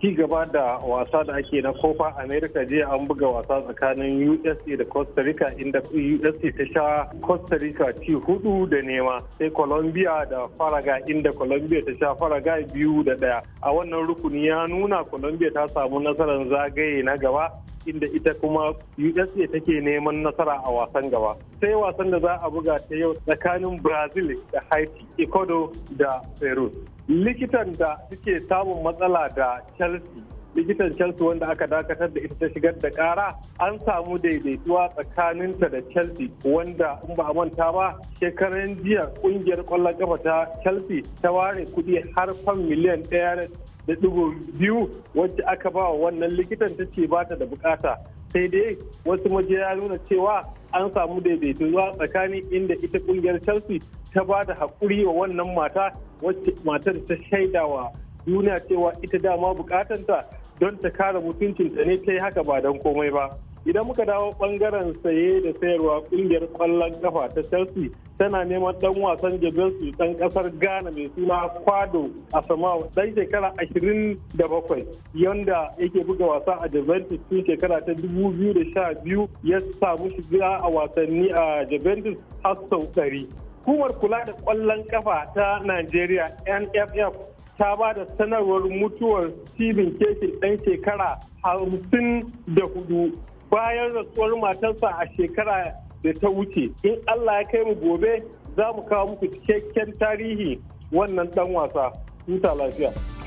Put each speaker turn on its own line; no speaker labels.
ci gaba da wasa da ake na kofa america jiya an buga wasa tsakanin usa da costa rica inda usa ta sha costa rica ci hudu da nema sai colombia da faraga inda colombia ta sha faraga biyu da daya a wannan rukuni ya nuna colombia ta samu nasarar zagaye na gaba inda ita kuma USA take neman nasara a wasan gaba. Sai wasan da za a buga ta yau tsakanin Brazil da Haiti, Ecuador da Peru. Likitan da suke samun matsala da Chelsea likitan Chelsea wanda aka dakatar da ita ta shigar da kara an samu daidaituwa tsakaninta da Chelsea wanda in ba a manta ba shekaran jiya kungiyar kwallon kafa ta Chelsea ta ware kudi har fan miliyan ɗaya da ɗigo biyu wacce aka ba wannan likitan ta ce ba ta da bukata sai dai wasu ya nuna cewa an samu daidaito zuwa tsakanin inda ita kungiyar chelsea ta ba da haƙuri wa wannan mata wacce matar ta shaidawa duniya cewa ita dama bukatanta don ta kare ta ne ta yi haka ba don komai ba idan muka dawo bangaren saye da sayarwa kungiyar kwallon kafa ta chelsea tana neman dan wasan su dan kasar ghana mai suna kwado asamau dan shekara 27 yanda yake buga wasa a juventus tun shekara ta 2012 ya samu shiga a wasanni a juventus har sau 100 hukumar kula da kwallon kafa ta nigeria NFF ta ba da sanarwar mutuwar Stephen Kekin ɗan shekara hamsin da hudu bayan rasuwar matarsa a shekara da ta wuce. In Allah ya kai mu gobe za mu kawo muku cikakken tarihi wannan ɗan wasa. Huta lafiya.